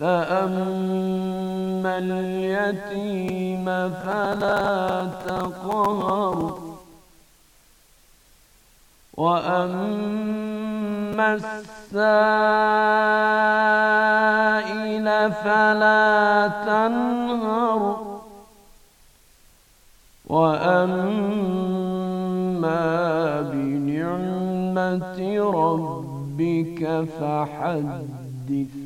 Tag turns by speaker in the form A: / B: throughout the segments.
A: فأما اليتيم فلا تقهر وأما السائل فلا تنهر وأما بنعمة ربك فحدث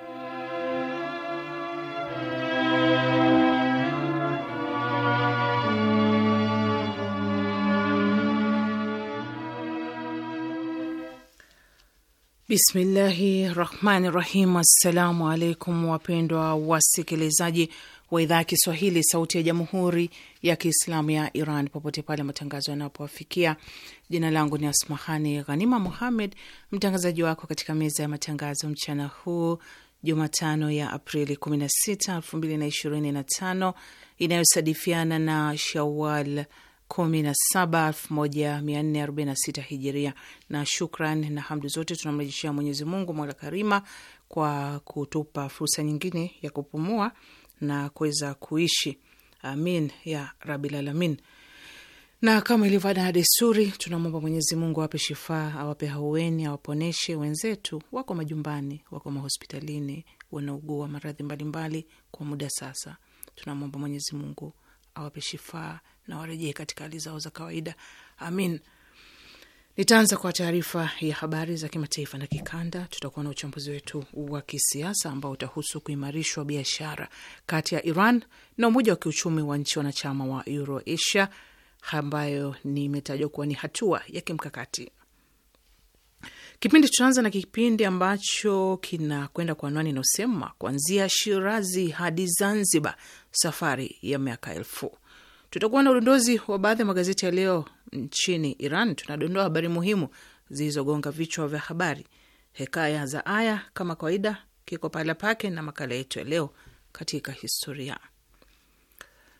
B: Bismillahi rahmani rahim. Assalamu alaikum wapendwa wasikilizaji wa idhaa ya Kiswahili sauti ya jamhuri ya Kiislamu ya Iran popote pale matangazo yanapowafikia. Jina langu ni Asmahani Ghanima Muhammed, mtangazaji wako katika meza ya matangazo mchana huu Jumatano ya Aprili 16, 2025 inayosadifiana na Shawal 17446 hijiria. Na shukran na hamdu zote tunamrejeshea Mwenyezi Mungu mwala karima kwa kutupa fursa nyingine ya kupumua na kuweza kuishi, amin ya rabil alamin. Na kama ilivyo ada na desturi, tunamwomba Mwenyezi Mungu awape shifaa, awape haueni, awaponeshe wenzetu wako majumbani, wako mahospitalini, wanaugua maradhi mbalimbali kwa muda sasa. Tunamwomba Mwenyezi Mungu awape shifaa na warejee katika hali zao za kawaida. Amin. Nitaanza kwa taarifa ya habari za kimataifa na kikanda. Tutakuwa na uchambuzi wetu wa kisiasa ambao utahusu kuimarishwa biashara kati ya Iran na umoja wa kiuchumi wa nchi wanachama wa Euroasia, ambayo nimetajwa kuwa ni hatua ya kimkakati. Kipindi tutaanza na kipindi ambacho kinakwenda kwa anwani inayosema kuanzia Shirazi hadi Zanzibar, safari ya miaka elfu. Tutakuwa na udondozi wa baadhi ya magazeti ya leo nchini Iran. Tunadondoa habari muhimu zilizogonga vichwa vya habari, hekaya za aya kama kawaida, kiko pahala pake na makala yetu ya leo katika historia.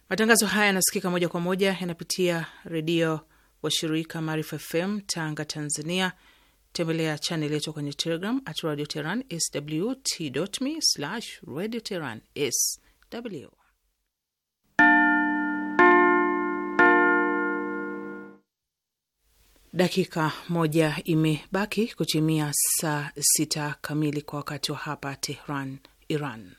B: Matangazo haya yanasikika moja kwa moja, yanapitia redio wa shirika Maarifa FM Tanga, Tanzania. Tembelea chaneli yetu kwenye Telegram at Radio Teheran sw slash Radio Teheran sw Dakika moja imebaki kutimia saa sita kamili kwa wakati wa hapa Tehran, Iran.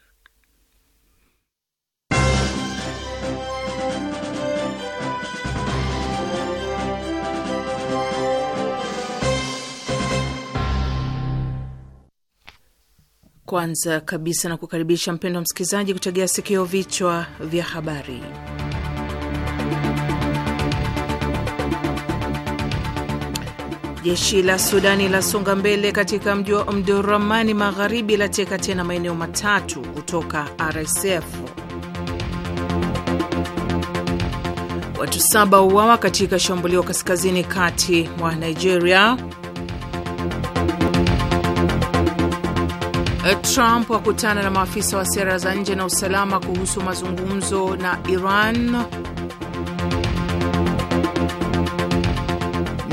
B: Kwanza kabisa na kukaribisha mpendo wa msikilizaji kutegea sikio vichwa vya habari. Jeshi la Sudani lasonga mbele katika mji wa Omdurman magharibi, lateka tena maeneo matatu kutoka RSF. Watu saba uawa katika shambulio kaskazini kati mwa Nigeria. Trump wakutana na maafisa wa sera za nje na usalama kuhusu mazungumzo na Iran.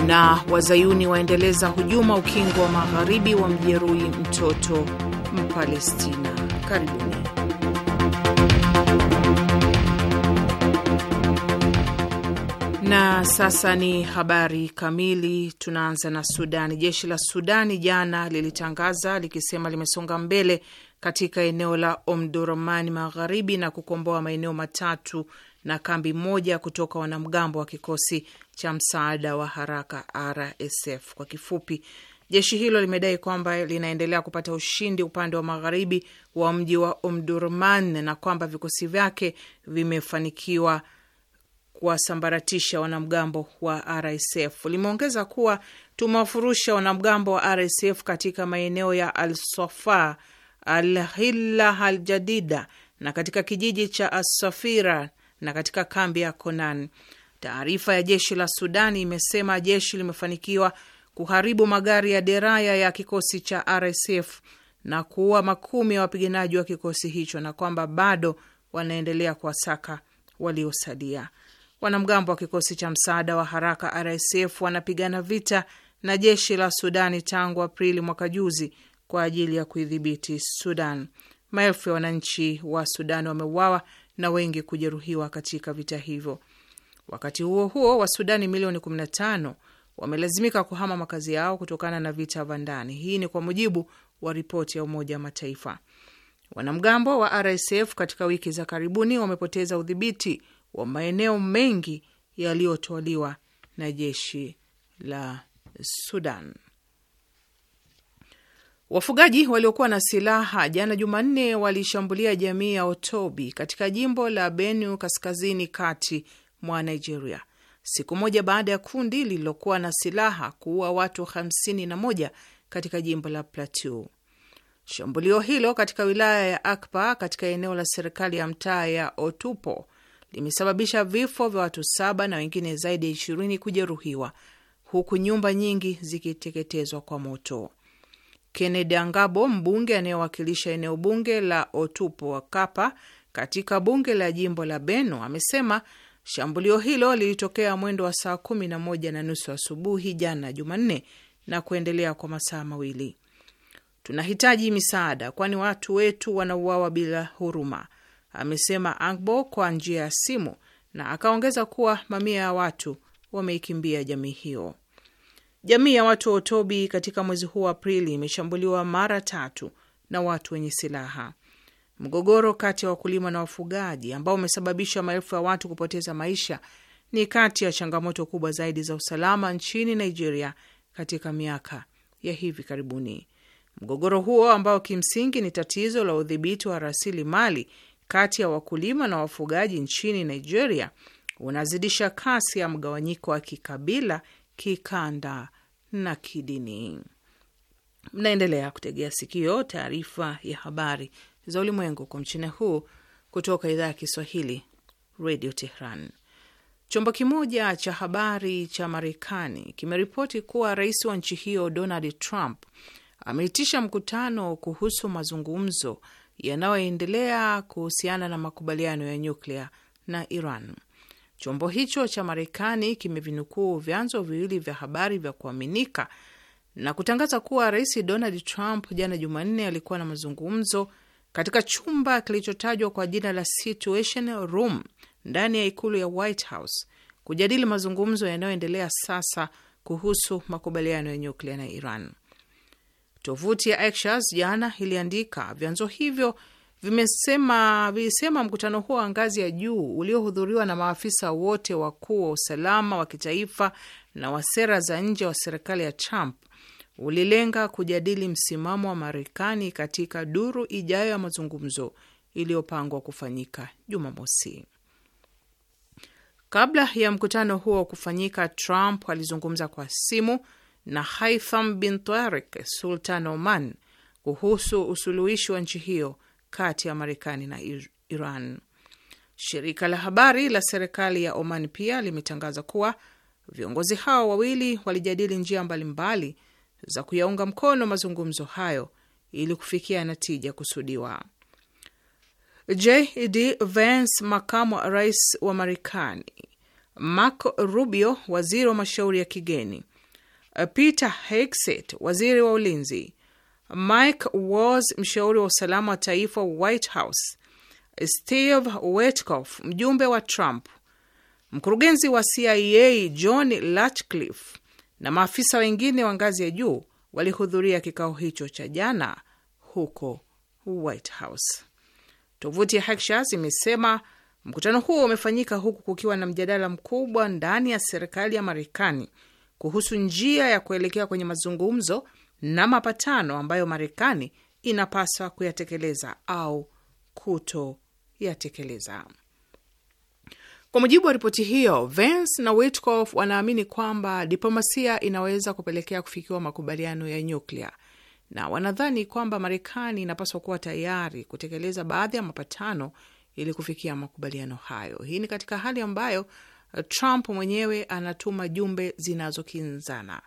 B: na wazayuni waendeleza hujuma ukingo wa magharibi wa mjeruhi mtoto Mpalestina. Karibuni. Na sasa ni habari kamili. Tunaanza na Sudani. Jeshi la Sudani jana lilitangaza likisema limesonga mbele katika eneo la Omdurman magharibi na kukomboa maeneo matatu na kambi moja kutoka wanamgambo wa kikosi cha msaada wa haraka RSF kwa kifupi. Jeshi hilo limedai kwamba linaendelea kupata ushindi upande wa magharibi wa mji wa Omdurman na kwamba vikosi vyake vimefanikiwa kuwasambaratisha wanamgambo wa RSF. Limeongeza kuwa tumewafurusha wanamgambo wa RSF katika maeneo ya Al sofa Al Hilla, Al Jadida na katika kijiji cha Asafira na katika kambi ya Konan. Taarifa ya jeshi la Sudani imesema jeshi limefanikiwa kuharibu magari ya deraya ya kikosi cha RSF na kuua makumi ya wapiganaji wa kikosi hicho na kwamba bado wanaendelea kuwasaka waliosalia. Wanamgambo wa kikosi cha msaada wa haraka RSF wanapigana vita na jeshi la Sudani tangu Aprili mwaka juzi kwa ajili ya kuidhibiti Sudan. Maelfu ya wananchi wa Sudan wameuawa na wengi kujeruhiwa katika vita hivyo. Wakati huo huo, Wasudani milioni 15 wamelazimika kuhama makazi yao kutokana na vita vya ndani. Hii ni kwa mujibu wa ripoti ya Umoja wa Mataifa. Wanamgambo wa RSF katika wiki za karibuni wamepoteza udhibiti wa maeneo mengi yaliyotwaliwa na jeshi la Sudan. Wafugaji waliokuwa na silaha jana Jumanne walishambulia jamii ya Otobi katika jimbo la Benu kaskazini kati mwa Nigeria siku moja baada ya kundi lililokuwa na silaha kuua watu 51 katika jimbo la Plateau. Shambulio hilo katika wilaya ya Akpa katika eneo la serikali ya mtaa ya Otupo limesababisha vifo vya watu saba na wengine zaidi ya ishirini kujeruhiwa huku nyumba nyingi zikiteketezwa kwa moto. Kennedy Angabo, mbunge anayewakilisha eneo bunge la Otupo Kapa katika bunge la jimbo la Benue, amesema Shambulio hilo lilitokea mwendo wa saa kumi na moja na nusu asubuhi jana Jumanne na kuendelea kwa masaa mawili. Tunahitaji misaada, kwani watu wetu wanauawa bila huruma, amesema Angbo kwa njia ya simu, na akaongeza kuwa mamia ya watu wameikimbia jamii hiyo. Jamii ya watu wa Otobi katika mwezi huu wa Aprili imeshambuliwa mara tatu na watu wenye silaha. Mgogoro kati ya wakulima na wafugaji ambao umesababisha maelfu ya watu kupoteza maisha ni kati ya changamoto kubwa zaidi za usalama nchini Nigeria katika miaka ya hivi karibuni. Mgogoro huo ambao kimsingi ni tatizo la udhibiti wa rasilimali kati ya wakulima na wafugaji nchini Nigeria unazidisha kasi ya mgawanyiko wa kikabila, kikanda na kidini. Mnaendelea kutegea sikio taarifa ya habari za ulimwengu kwa mchina huu kutoka idhaa ya Kiswahili Radio Tehran. Chombo kimoja cha habari cha Marekani kimeripoti kuwa rais wa nchi hiyo Donald Trump ameitisha mkutano kuhusu mazungumzo yanayoendelea kuhusiana na makubaliano ya nyuklia na Iran. Chombo hicho cha Marekani kimevinukuu vyanzo viwili vya habari vya kuaminika na kutangaza kuwa rais Donald Trump jana Jumanne alikuwa na mazungumzo katika chumba kilichotajwa kwa jina la Situation Room ndani ya ikulu ya White House kujadili mazungumzo yanayoendelea sasa kuhusu makubaliano ya nyuklia na Iran. Tovuti ya Axios jana iliandika vyanzo hivyo vimesema vilisema mkutano huo wa ngazi ya juu uliohudhuriwa na maafisa wote wakuu wa usalama wa kitaifa na wa sera za nje wa serikali ya Trump ulilenga kujadili msimamo wa Marekani katika duru ijayo ya mazungumzo iliyopangwa kufanyika Jumamosi. Kabla ya mkutano huo kufanyika, Trump alizungumza kwa simu na Haitham bin Tarik, sultan Oman, kuhusu usuluhishi wa nchi hiyo kati ya Marekani na Iran. Shirika la habari la serikali ya Oman pia limetangaza kuwa viongozi hao wawili walijadili njia mbalimbali mbali za kuyaunga mkono mazungumzo hayo ili kufikia natija kusudiwa. JD Vance, makamu wa rais wa Marekani, Marco Rubio, waziri wa mashauri ya kigeni, Peter Hegseth, waziri wa ulinzi, Mike Walls, mshauri wa usalama wa taifa White House, Steve Witkoff, mjumbe wa Trump, mkurugenzi wa CIA John Ratcliffe na maafisa wengine wa ngazi ya juu walihudhuria kikao hicho cha jana huko White House. Tovuti ya Hackshas imesema mkutano huo umefanyika huku kukiwa na mjadala mkubwa ndani ya serikali ya Marekani kuhusu njia ya kuelekea kwenye mazungumzo na mapatano ambayo Marekani inapaswa kuyatekeleza au kutoyatekeleza. Kwa mujibu wa ripoti hiyo, Vance na Witkoff wanaamini kwamba diplomasia inaweza kupelekea kufikiwa makubaliano ya nyuklia na wanadhani kwamba Marekani inapaswa kuwa tayari kutekeleza baadhi ya mapatano ili kufikia makubaliano hayo. Hii ni katika hali ambayo eh, Trump mwenyewe anatuma jumbe zinazokinzana.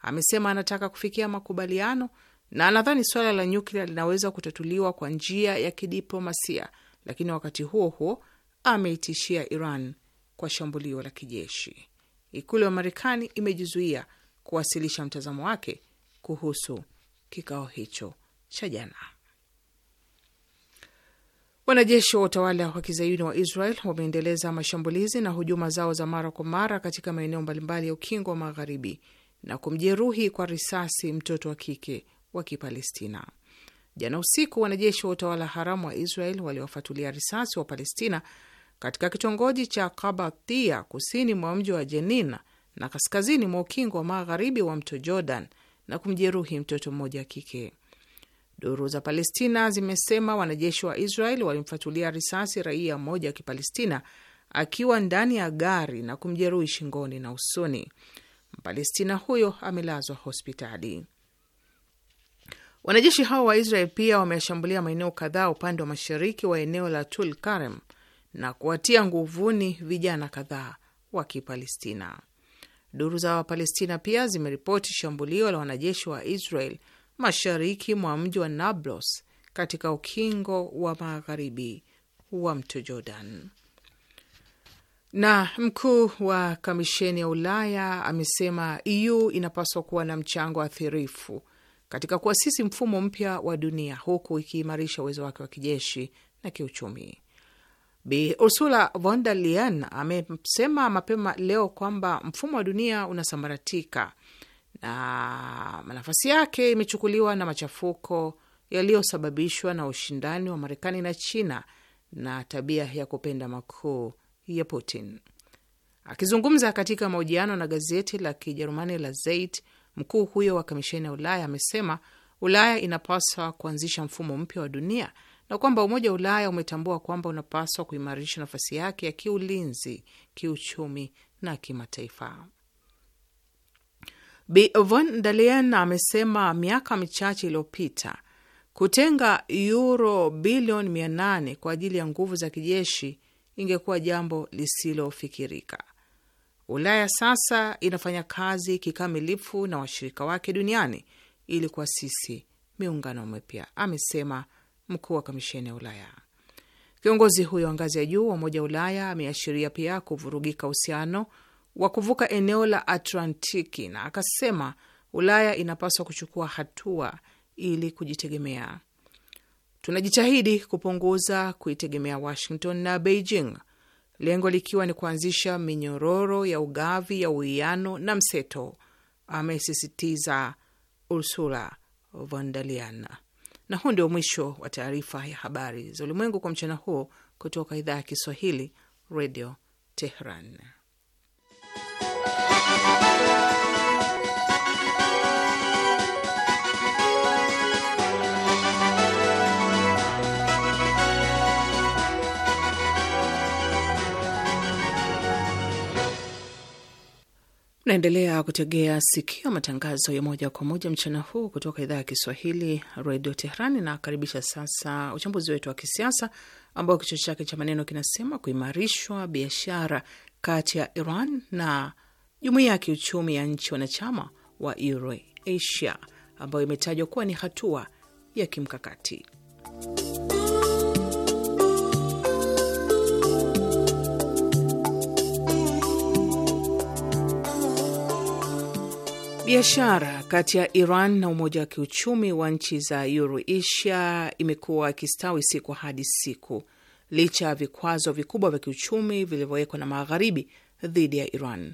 B: Amesema anataka kufikia makubaliano na anadhani suala la nyuklia linaweza kutatuliwa kwa njia ya kidiplomasia, lakini wakati huo huo ameitishia Iran kwa shambulio la kijeshi. Ikulu ya Marekani imejizuia kuwasilisha mtazamo wake kuhusu kikao hicho cha jana. Wanajeshi wa utawala wa kizayuni wa Israel wameendeleza mashambulizi na hujuma zao za mara kwa mara katika maeneo mbalimbali ya ukingo wa Magharibi na kumjeruhi kwa risasi mtoto wa kike wa Kipalestina. Jana usiku, wanajeshi wa utawala haramu wa Israel waliwafatulia risasi wa Palestina katika kitongoji cha Kabathia kusini mwa mji wa Jenina na kaskazini mwa ukingo wa magharibi wa mto Jordan na kumjeruhi mtoto mmoja kike. Duru za Palestina zimesema wanajeshi wa Israel walimfatulia risasi raia mmoja wa Kipalestina akiwa ndani ya gari na kumjeruhi shingoni na usoni. Mpalestina huyo amelazwa hospitali. Wanajeshi hao wa Israel pia wameshambulia maeneo kadhaa upande wa mashariki wa eneo la Tul Karem na kuwatia nguvuni vijana kadhaa wa Kipalestina. Duru za Wapalestina pia zimeripoti shambulio la wanajeshi wa Israel mashariki mwa mji wa Nablus katika ukingo wa magharibi wa mto Jordan. Na mkuu wa kamisheni ya Ulaya amesema EU inapaswa kuwa na mchango athirifu katika kuasisi mfumo mpya wa dunia huku ikiimarisha uwezo wake wa kijeshi na kiuchumi. Bi Ursula von der Leyen amesema mapema leo kwamba mfumo wa dunia unasambaratika na nafasi yake imechukuliwa na machafuko yaliyosababishwa na ushindani wa Marekani na China na tabia ya kupenda makuu ya Putin. Akizungumza katika mahojiano na gazeti la Kijerumani la Zeit, mkuu huyo wa kamisheni ya Ulaya amesema Ulaya inapaswa kuanzisha mfumo mpya wa dunia na kwamba Umoja wa Ulaya umetambua kwamba unapaswa kuimarisha nafasi yake ya kiulinzi, kiuchumi na kimataifa. Bi Von der Leyen amesema miaka michache iliyopita kutenga euro bilioni mia nane kwa ajili ya nguvu za kijeshi ingekuwa jambo lisilofikirika. Ulaya sasa inafanya kazi kikamilifu na washirika wake duniani ili kuasisi miungano mipya, amesema mkuu wa kamisheni ya Ulaya. Kiongozi huyo wa ngazi ya juu wa Umoja wa Ulaya ameashiria pia kuvurugika uhusiano wa kuvuka eneo la Atlantiki na akasema Ulaya inapaswa kuchukua hatua ili kujitegemea. Tunajitahidi kupunguza kuitegemea Washington na Beijing, lengo likiwa ni kuanzisha minyororo ya ugavi ya uwiano na mseto, amesisitiza Ursula von der Leyen. Na huu ndio mwisho wa taarifa ya habari za ulimwengu kwa mchana huo kutoka idhaa ya Kiswahili, Radio Tehran. Unaendelea kutegea sikio matangazo ya moja kwa moja mchana huu kutoka idhaa ya Kiswahili redio Teherani. Nakaribisha sasa uchambuzi wetu wa kisiasa ambao kichwa chake cha maneno kinasema kuimarishwa biashara kati ya Iran na jumuiya ya kiuchumi ya nchi wanachama wa EuroAsia ambayo imetajwa kuwa ni hatua ya kimkakati. Biashara kati ya Iran na Umoja wa Kiuchumi wa Nchi za Euroasia imekuwa ikistawi siku hadi siku licha ya vikwazo vikubwa vya kiuchumi vilivyowekwa na Magharibi dhidi ya Iran.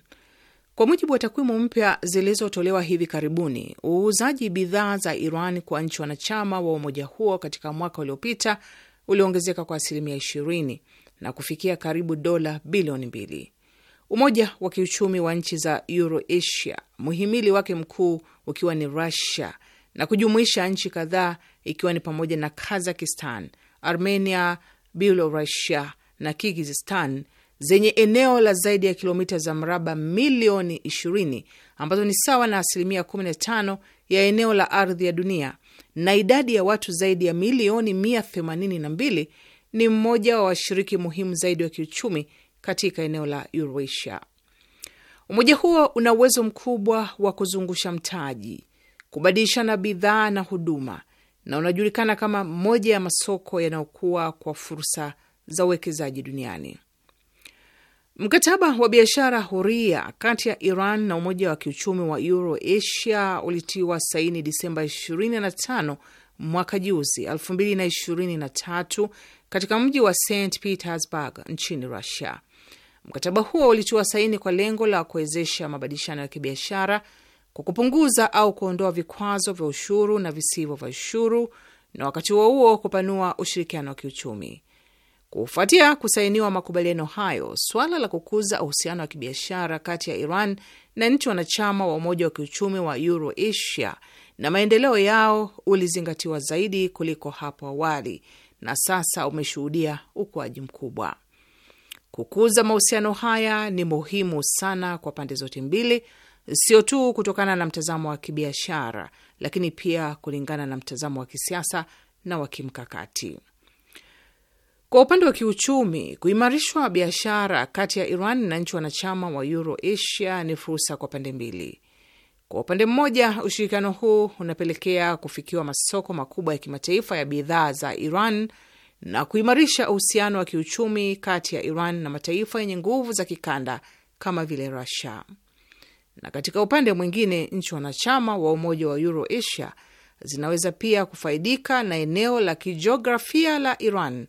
B: Kwa mujibu wa takwimu mpya zilizotolewa hivi karibuni, uuzaji bidhaa za Iran kwa nchi wanachama wa umoja huo katika mwaka uliopita uliongezeka kwa asilimia 20 na kufikia karibu dola bilioni mbili. Umoja wa Kiuchumi wa Nchi za Euroasia muhimili wake mkuu ukiwa ni Rusia na kujumuisha nchi kadhaa ikiwa ni pamoja na Kazakistan, Armenia, bulorusia na Kirgizistan zenye eneo la zaidi ya kilomita za mraba milioni 20 ambazo ni sawa na asilimia 15 ya eneo la ardhi ya dunia na idadi ya watu zaidi ya milioni 182, ni mmoja wa washiriki muhimu zaidi wa kiuchumi katika eneo la Eurasia. Umoja huo una uwezo mkubwa wa kuzungusha mtaji, kubadilishana bidhaa na huduma, na unajulikana kama moja ya masoko yanayokuwa kwa fursa za uwekezaji duniani. Mkataba wa biashara huria kati ya Iran na Umoja wa Kiuchumi wa Euro Asia ulitiwa saini Disemba 25 mwaka juzi 2023 katika mji wa St Petersburg nchini Russia. Mkataba huo ulitiwa saini kwa lengo la kuwezesha mabadilishano ya kibiashara kwa kupunguza au kuondoa vikwazo vya ushuru na visivyo vya ushuru, na wakati huo huo kupanua ushirikiano wa kiuchumi. Kufuatia kusainiwa makubaliano hayo, swala la kukuza uhusiano wa kibiashara kati ya Iran na nchi wanachama wa umoja wa kiuchumi wa Euroasia na maendeleo yao ulizingatiwa zaidi kuliko hapo awali na sasa umeshuhudia ukuaji mkubwa. Kukuza mahusiano haya ni muhimu sana kwa pande zote mbili, sio tu kutokana na mtazamo wa kibiashara, lakini pia kulingana na mtazamo wa kisiasa na wa kimkakati. Kwa upande wa kiuchumi, kuimarishwa biashara kati ya Iran na nchi wanachama wa Euroasia ni fursa kwa pande mbili. Kwa upande mmoja, ushirikiano huu unapelekea kufikiwa masoko makubwa ya kimataifa ya bidhaa za Iran na kuimarisha uhusiano wa kiuchumi kati ya Iran na mataifa yenye nguvu za kikanda kama vile rusia Na katika upande mwingine, nchi wanachama wa umoja wa Euroasia zinaweza pia kufaidika na eneo la kijiografia la Iran,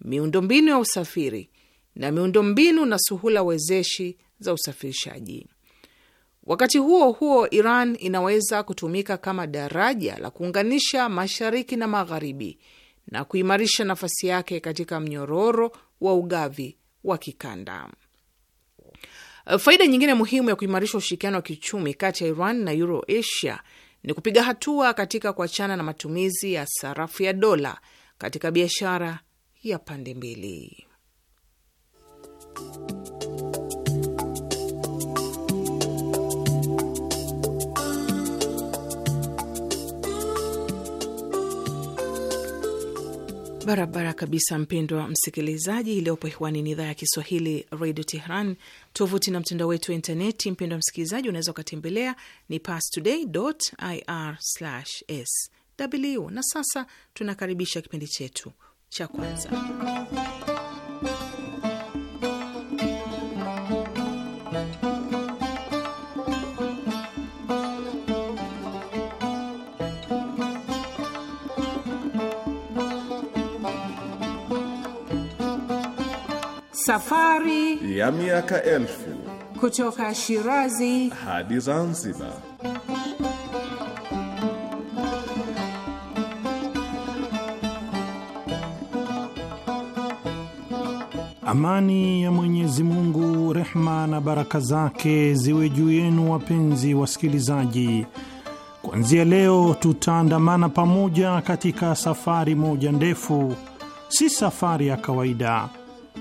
B: miundombinu ya usafiri na miundombinu na suhula wezeshi za usafirishaji. Wakati huo huo, Iran inaweza kutumika kama daraja la kuunganisha mashariki na magharibi na kuimarisha nafasi yake katika mnyororo wa ugavi wa kikanda. Uh, faida nyingine muhimu ya kuimarisha ushirikiano wa kiuchumi kati ya Iran na Euroasia ni kupiga hatua katika kuachana na matumizi ya sarafu ya dola katika biashara ya pande mbili. Barabara kabisa, mpendwa msikilizaji. Iliyopo hewani ni idhaa ya Kiswahili redio Tehran. Tovuti na mtandao wetu wa intaneti, mpendwa msikilizaji, unaweza ukatembelea ni pastoday.ir/sw. Na sasa tunakaribisha kipindi chetu cha kwanza Safari
C: ya miaka elfu
B: kutoka Shirazi
C: hadi Zanzibar.
D: Amani ya Mwenyezi Mungu, rehma na baraka zake ziwe juu yenu, wapenzi wasikilizaji. Kuanzia leo tutaandamana pamoja katika safari moja ndefu, si safari ya kawaida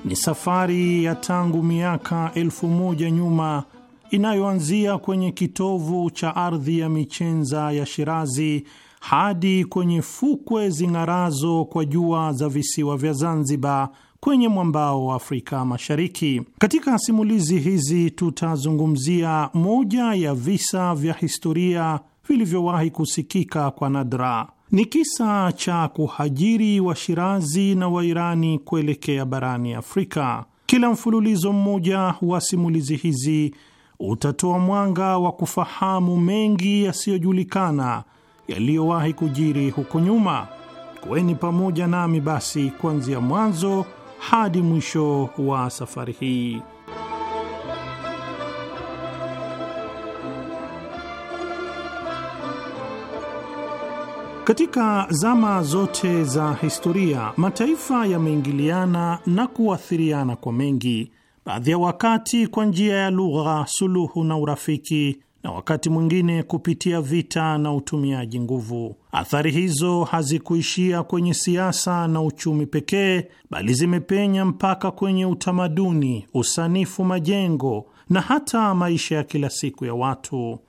D: ni safari ya tangu miaka elfu moja nyuma inayoanzia kwenye kitovu cha ardhi ya michenza ya Shirazi hadi kwenye fukwe zing'arazo kwa jua za visiwa vya Zanzibar kwenye mwambao wa Afrika Mashariki. Katika simulizi hizi tutazungumzia moja ya visa vya historia vilivyowahi kusikika kwa nadra ni kisa cha kuhajiri Washirazi na Wairani kuelekea barani Afrika. Kila mfululizo mmoja wa simulizi hizi utatoa mwanga wa kufahamu mengi yasiyojulikana yaliyowahi kujiri huko nyuma. Kuweni pamoja nami basi kuanzia mwanzo hadi mwisho wa safari hii. Katika zama zote za historia mataifa yameingiliana na kuathiriana kwa mengi, baadhi ya wakati kwa njia ya lugha, suluhu na urafiki, na wakati mwingine kupitia vita na utumiaji nguvu. Athari hizo hazikuishia kwenye siasa na uchumi pekee, bali zimepenya mpaka kwenye utamaduni, usanifu, majengo na hata maisha ya kila siku ya watu.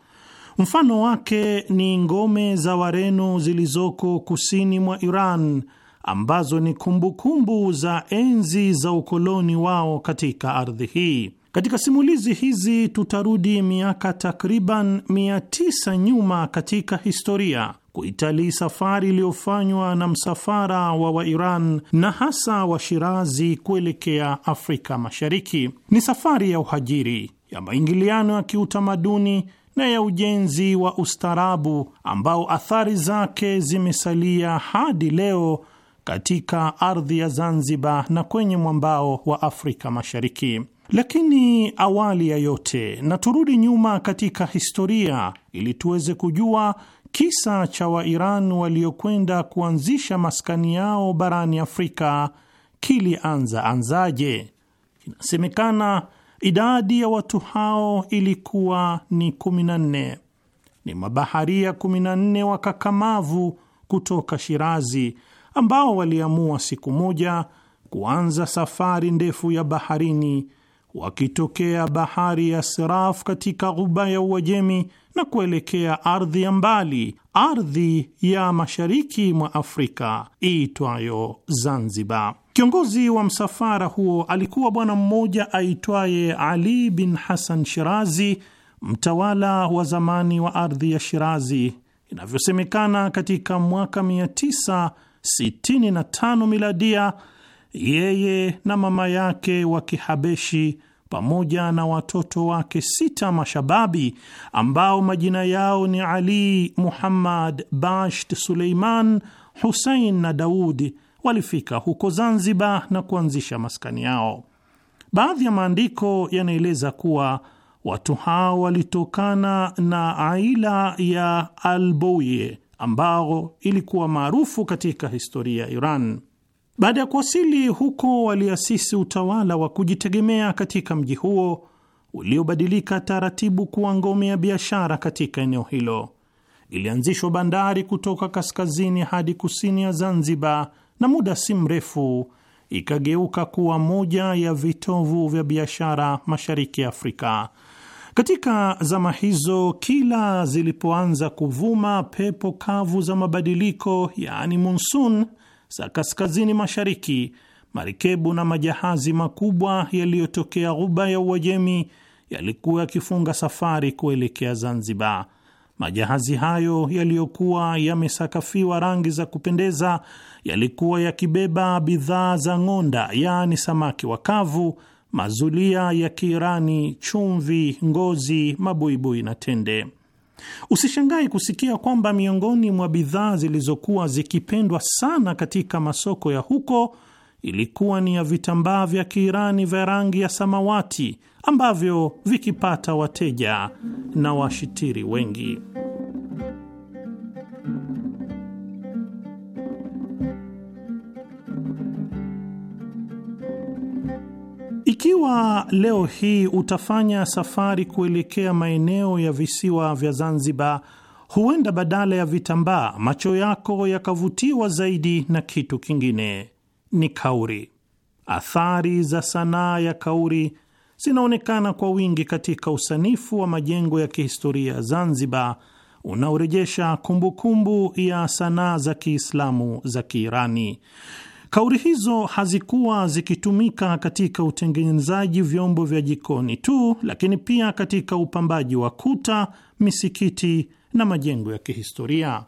D: Mfano wake ni ngome za Wareno zilizoko kusini mwa Iran ambazo ni kumbukumbu kumbu za enzi za ukoloni wao katika ardhi hii. Katika simulizi hizi tutarudi miaka takriban mia tisa nyuma katika historia kuitalii safari iliyofanywa na msafara wa Wairan na hasa wa Shirazi kuelekea Afrika Mashariki. Ni safari ya uhajiri, ya maingiliano ya kiutamaduni na ya ujenzi wa ustaarabu ambao athari zake zimesalia hadi leo katika ardhi ya Zanzibar na kwenye mwambao wa Afrika Mashariki. Lakini awali ya yote, na turudi nyuma katika historia ili tuweze kujua kisa cha Wairan waliokwenda kuanzisha maskani yao barani Afrika kilianza anzaje. Inasemekana Idadi ya watu hao ilikuwa ni kumi na nne. Ni mabaharia kumi na nne wakakamavu kutoka Shirazi ambao waliamua siku moja kuanza safari ndefu ya baharini wakitokea bahari ya Siraf katika ghuba ya Uajemi na kuelekea ardhi ya mbali, ardhi ya mashariki mwa Afrika iitwayo Zanzibar. Kiongozi wa msafara huo alikuwa bwana mmoja aitwaye Ali bin Hasan Shirazi, mtawala wa zamani wa ardhi ya Shirazi. Inavyosemekana, katika mwaka 965 miladia, yeye na mama yake wa Kihabeshi pamoja na watoto wake sita mashababi ambao majina yao ni Ali, Muhammad, Basht, Suleiman, Husein na Daudi walifika huko Zanzibar na kuanzisha maskani yao. Baadhi ya maandiko yanaeleza kuwa watu hao walitokana na aila ya Alboye ambao ilikuwa maarufu katika historia ya Iran. Baada ya kuwasili huko, waliasisi utawala wa kujitegemea katika mji huo uliobadilika taratibu kuwa ngome ya biashara katika eneo hilo. Ilianzishwa bandari kutoka kaskazini hadi kusini ya Zanzibar na muda si mrefu ikageuka kuwa moja ya vitovu vya biashara mashariki ya Afrika. Katika zama hizo, kila zilipoanza kuvuma pepo kavu za mabadiliko, yaani monsun, za kaskazini mashariki, marekebu na majahazi makubwa yaliyotokea Ghuba ya Uajemi yalikuwa yakifunga safari kuelekea Zanzibar. Majahazi hayo yaliyokuwa yamesakafiwa rangi za kupendeza yalikuwa yakibeba bidhaa za ng'onda, yaani samaki wakavu, mazulia ya Kiirani, chumvi, ngozi, mabuibui na tende. Usishangai kusikia kwamba miongoni mwa bidhaa zilizokuwa zikipendwa sana katika masoko ya huko ilikuwa ni ya vitambaa vya Kiirani vya rangi ya samawati ambavyo vikipata wateja na washitiri wengi. Ikiwa leo hii utafanya safari kuelekea maeneo ya visiwa vya Zanzibar, huenda badala ya vitambaa macho yako yakavutiwa zaidi na kitu kingine, ni kauri. Athari za sanaa ya kauri zinaonekana kwa wingi katika usanifu wa majengo ya kihistoria Zanzibar unaorejesha kumbukumbu ya sanaa za Kiislamu za Kiirani. Kauri hizo hazikuwa zikitumika katika utengenezaji vyombo vya jikoni tu, lakini pia katika upambaji wa kuta, misikiti na majengo ya kihistoria.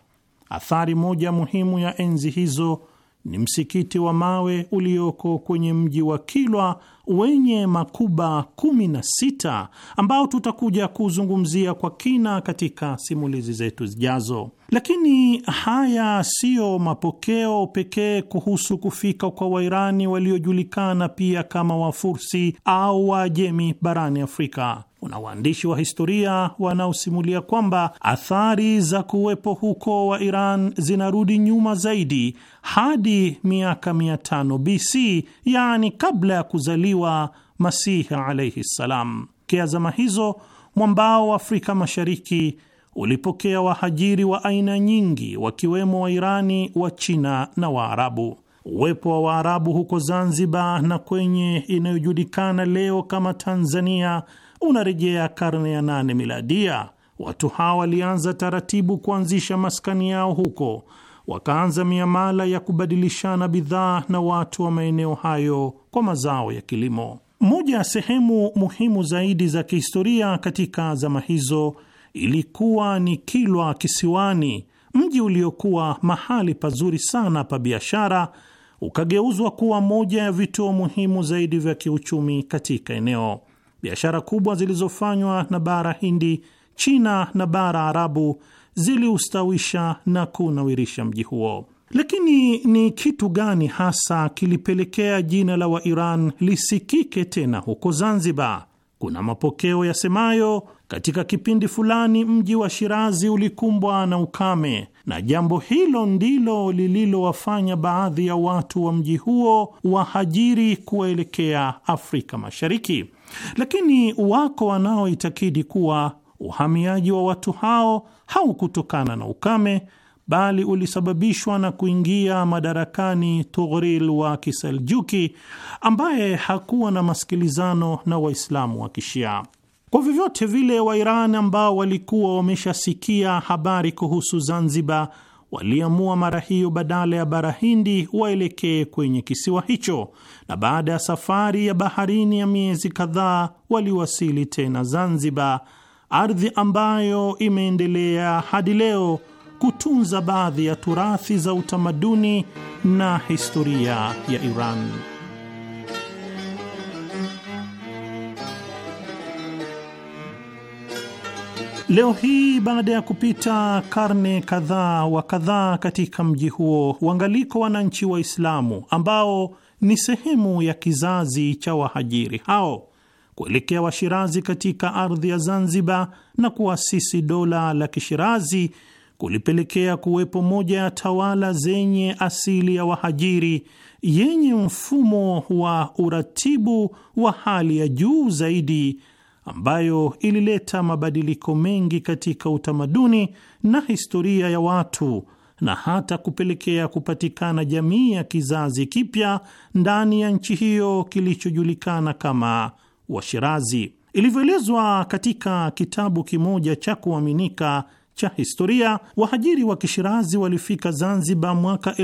D: Athari moja muhimu ya enzi hizo ni msikiti wa mawe ulioko kwenye mji wa Kilwa wenye makuba kumi na sita ambao tutakuja kuzungumzia kwa kina katika simulizi zetu zijazo. Lakini haya siyo mapokeo pekee kuhusu kufika kwa Wairani waliojulikana pia kama Wafursi au wajemi barani Afrika. Kuna waandishi wa historia wanaosimulia kwamba athari za kuwepo huko wa Iran zinarudi nyuma zaidi hadi miaka 500 BC, yaani kabla ya kuzaliwa Masihi alaihi ssalam. Kea zama hizo mwambao wa Afrika Mashariki ulipokea wahajiri wa aina nyingi wakiwemo Wairani, Wachina na Waarabu. Uwepo wa Waarabu huko Zanzibar na kwenye inayojulikana leo kama Tanzania unarejea karne ya nane miladia. Watu hawa walianza taratibu kuanzisha maskani yao huko, wakaanza miamala ya kubadilishana bidhaa na watu wa maeneo hayo kwa mazao ya kilimo. Moja ya sehemu muhimu zaidi za kihistoria katika zama hizo ilikuwa ni Kilwa Kisiwani, mji uliokuwa mahali pazuri sana pa biashara, ukageuzwa kuwa moja ya vituo muhimu zaidi vya kiuchumi katika eneo. Biashara kubwa zilizofanywa na bara Hindi, China na bara Arabu ziliustawisha na kunawirisha mji huo. Lakini ni kitu gani hasa kilipelekea jina la Wairan lisikike tena huko Zanzibar? Kuna mapokeo yasemayo katika kipindi fulani mji wa Shirazi ulikumbwa na ukame, na jambo hilo ndilo lililowafanya baadhi ya watu wa mji huo wahajiri kuelekea Afrika Mashariki. Lakini wako wanaoitakidi kuwa uhamiaji wa watu hao haukutokana na ukame bali ulisababishwa na kuingia madarakani Tughril wa Kiseljuki ambaye hakuwa na masikilizano na Waislamu wa Kishia. Kwa vyovyote vile, Wairan ambao walikuwa wameshasikia habari kuhusu Zanzibar waliamua mara hiyo badala ya bara Hindi waelekee kwenye kisiwa hicho, na baada ya safari ya baharini ya miezi kadhaa waliwasili tena Zanzibar, ardhi ambayo imeendelea hadi leo kutunza baadhi ya turathi za utamaduni na historia ya Iran. Leo hii baada ya kupita karne kadhaa wa kadhaa katika mji huo, uangaliko wananchi Waislamu ambao ni sehemu ya kizazi cha wahajiri hao kuelekea Washirazi katika ardhi ya Zanzibar na kuasisi dola la Kishirazi kulipelekea kuwepo moja ya tawala zenye asili ya wahajiri yenye mfumo wa uratibu wa hali ya juu zaidi ambayo ilileta mabadiliko mengi katika utamaduni na historia ya watu na hata kupelekea kupatikana jamii ya kizazi kipya ndani ya nchi hiyo kilichojulikana kama Washirazi. Ilivyoelezwa katika kitabu kimoja cha kuaminika cha historia, wahajiri wa Kishirazi walifika Zanzibar mwaka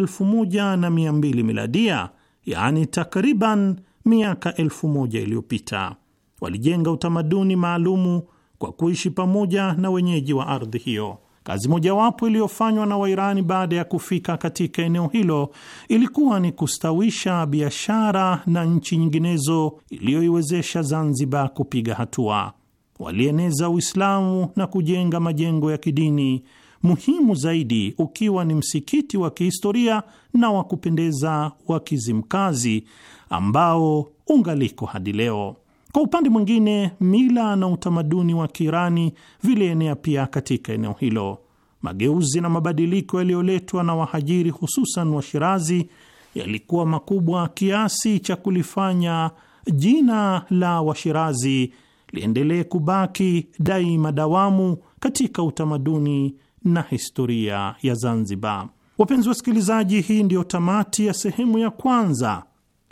D: mbili miladia, yaani takriban miaka moja iliyopita. Walijenga utamaduni maalumu kwa kuishi pamoja na wenyeji wa ardhi hiyo. Kazi mojawapo iliyofanywa na Wairani baada ya kufika katika eneo hilo ilikuwa ni kustawisha biashara na nchi nyinginezo iliyoiwezesha Zanzibar kupiga hatua walieneza Uislamu na kujenga majengo ya kidini, muhimu zaidi ukiwa ni msikiti wa kihistoria na wa kupendeza wa Kizimkazi ambao ungaliko hadi leo. Kwa upande mwingine, mila na utamaduni wa Kiirani vilienea pia katika eneo hilo. Mageuzi na mabadiliko yaliyoletwa na wahajiri, hususan wa Shirazi, yalikuwa makubwa kiasi cha kulifanya jina la Washirazi liendelee kubaki daima dawamu katika utamaduni na historia ya Zanzibar. Wapenzi wasikilizaji, hii ndiyo tamati ya sehemu ya kwanza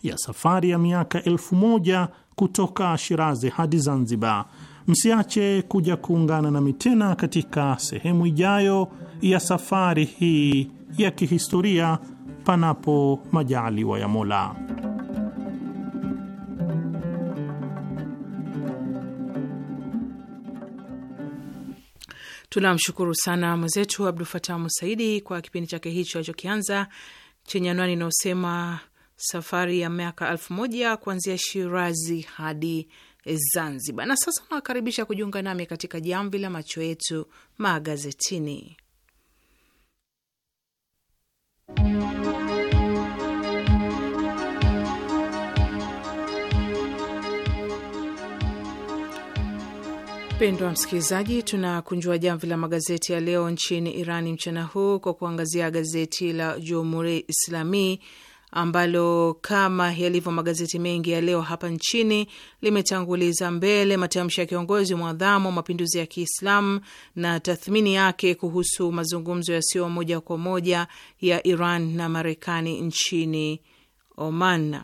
D: ya safari ya miaka elfu moja kutoka Shirazi hadi Zanzibar. Msiache kuja kuungana nami tena katika sehemu ijayo ya safari hii ya kihistoria, panapo majaliwa ya Mola.
B: Tunamshukuru sana mwenzetu Abdul Fatah Musaidi kwa kipindi chake hicho alichokianza chenye anwani inayosema safari ya miaka elfu moja kuanzia Shirazi hadi Zanzibar. Na sasa nawakaribisha kujiunga nami katika jamvi la macho yetu magazetini. Mpendwa msikilizaji, tunakunjua jamvi la magazeti ya leo nchini Irani mchana huu kwa kuangazia gazeti la Jumhuri Islami ambalo kama yalivyo magazeti mengi ya leo hapa nchini limetanguliza mbele matamshi ya kiongozi mwadhamu wa mapinduzi ya Kiislamu na tathmini yake kuhusu mazungumzo yasiyo moja kwa moja ya Iran na Marekani nchini Oman.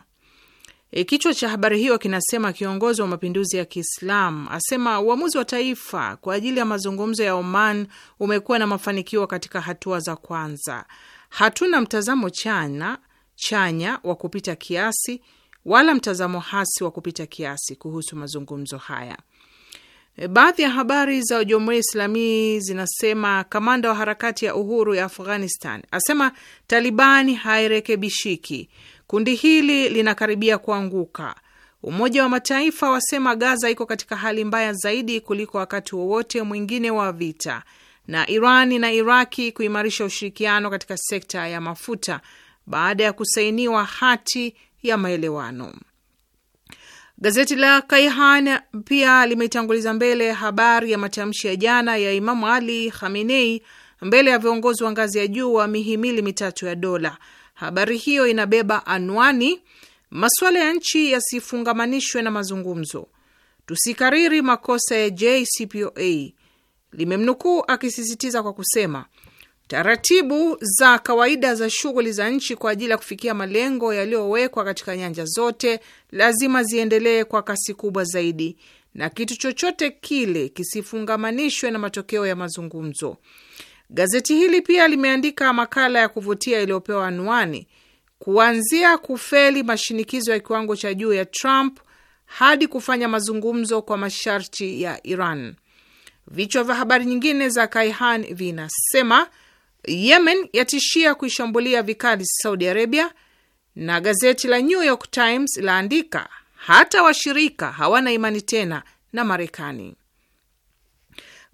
B: E, kichwa cha habari hiyo kinasema kiongozi wa mapinduzi ya Kiislamu asema uamuzi wa taifa kwa ajili ya mazungumzo ya Oman umekuwa na mafanikio katika hatua za kwanza. Hatuna mtazamo chanya chanya wa kupita kiasi wala mtazamo hasi wa kupita kiasi kuhusu mazungumzo haya. E, baadhi ya habari za Jumuiya Islami zinasema kamanda wa harakati ya uhuru ya Afghanistan asema Talibani hairekebishiki. Kundi hili linakaribia kuanguka. Umoja wa Mataifa wasema Gaza iko katika hali mbaya zaidi kuliko wakati wowote mwingine wa vita, na Iran na Iraki kuimarisha ushirikiano katika sekta ya mafuta baada ya kusainiwa hati ya maelewano. Gazeti la Kaihan pia limetanguliza mbele habari ya matamshi ya jana ya Imamu Ali Khamenei mbele ya viongozi wa ngazi ya juu wa mihimili mitatu ya dola Habari hiyo inabeba anwani: masuala ya nchi yasifungamanishwe na mazungumzo, tusikariri makosa ya JCPOA. Limemnukuu akisisitiza kwa kusema, taratibu za kawaida za shughuli za nchi kwa ajili ya kufikia malengo yaliyowekwa katika nyanja zote lazima ziendelee kwa kasi kubwa zaidi, na kitu chochote kile kisifungamanishwe na matokeo ya mazungumzo. Gazeti hili pia limeandika makala ya kuvutia iliyopewa anwani kuanzia kufeli mashinikizo ya kiwango cha juu ya Trump hadi kufanya mazungumzo kwa masharti ya Iran. Vichwa vya habari nyingine za Kaihan vinasema Yemen yatishia kuishambulia vikali Saudi Arabia, na gazeti la New York Times laandika hata washirika hawana imani tena na Marekani.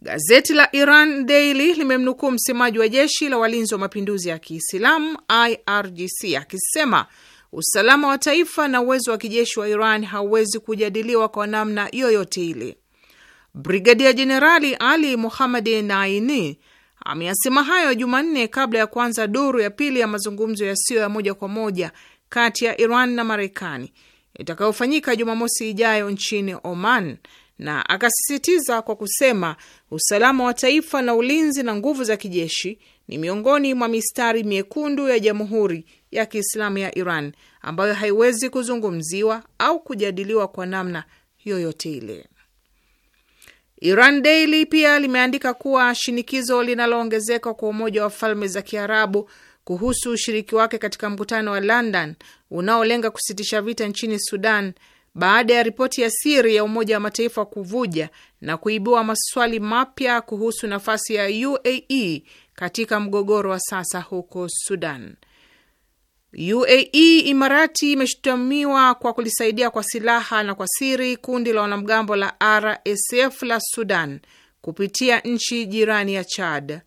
B: Gazeti la Iran Daily limemnukuu msemaji wa jeshi la walinzi wa mapinduzi ya Kiislamu IRGC akisema usalama wa taifa na uwezo wa kijeshi wa Iran hauwezi kujadiliwa kwa namna yoyote ile. Brigadia Jenerali Ali Mohamadi Naini ameyasema hayo Jumanne kabla ya kuanza duru ya pili ya mazungumzo yasiyo ya moja kwa moja kati ya Iran na Marekani itakayofanyika Jumamosi ijayo nchini Oman na akasisitiza kwa kusema usalama wa taifa na ulinzi na nguvu za kijeshi ni miongoni mwa mistari miekundu ya Jamhuri ya Kiislamu ya Iran ambayo haiwezi kuzungumziwa au kujadiliwa kwa namna yoyote ile. Iran Daily pia limeandika kuwa shinikizo linaloongezeka kwa Umoja wa Falme za Kiarabu kuhusu ushiriki wake katika mkutano wa London unaolenga kusitisha vita nchini Sudan baada ya ripoti ya siri ya Umoja wa Mataifa kuvuja na kuibua maswali mapya kuhusu nafasi ya UAE katika mgogoro wa sasa huko Sudan. UAE Imarati imeshutumiwa kwa kulisaidia kwa silaha na kwa siri kundi la wanamgambo la RSF la Sudan kupitia nchi jirani ya Chad.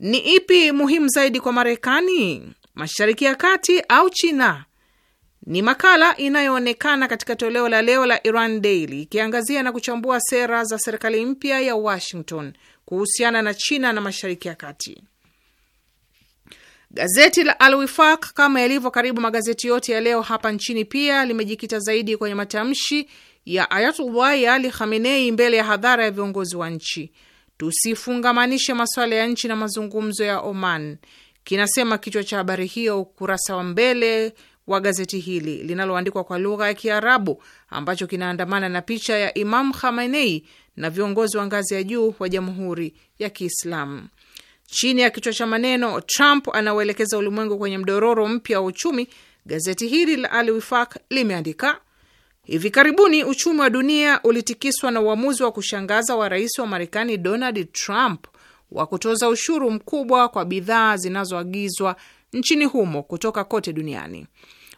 B: Ni ipi muhimu zaidi kwa Marekani, Mashariki ya Kati au China? Ni makala inayoonekana katika toleo la leo la Iran Daily ikiangazia na kuchambua sera za serikali mpya ya Washington kuhusiana na China na Mashariki ya Kati. Gazeti la Al-Wifaq kama yalivyo karibu magazeti yote ya leo hapa nchini pia limejikita zaidi kwenye matamshi ya Ayatullah Ali Khamenei mbele ya hadhara ya viongozi wa nchi. Tusifungamanishe masuala ya nchi na mazungumzo ya Oman, kinasema kichwa cha habari hiyo, ukurasa wa mbele wa gazeti hili linaloandikwa kwa lugha ya Kiarabu ambacho kinaandamana na picha ya Imam Khamenei na viongozi wa ngazi ya juu wa Jamhuri ya Kiislamu chini ya kichwa cha maneno Trump anauelekeza ulimwengu kwenye mdororo mpya wa uchumi. Gazeti hili la Al Wifaq limeandika hivi karibuni uchumi wa dunia ulitikiswa na uamuzi wa kushangaza wa rais wa Marekani Donald Trump wa kutoza ushuru mkubwa kwa bidhaa zinazoagizwa nchini humo kutoka kote duniani.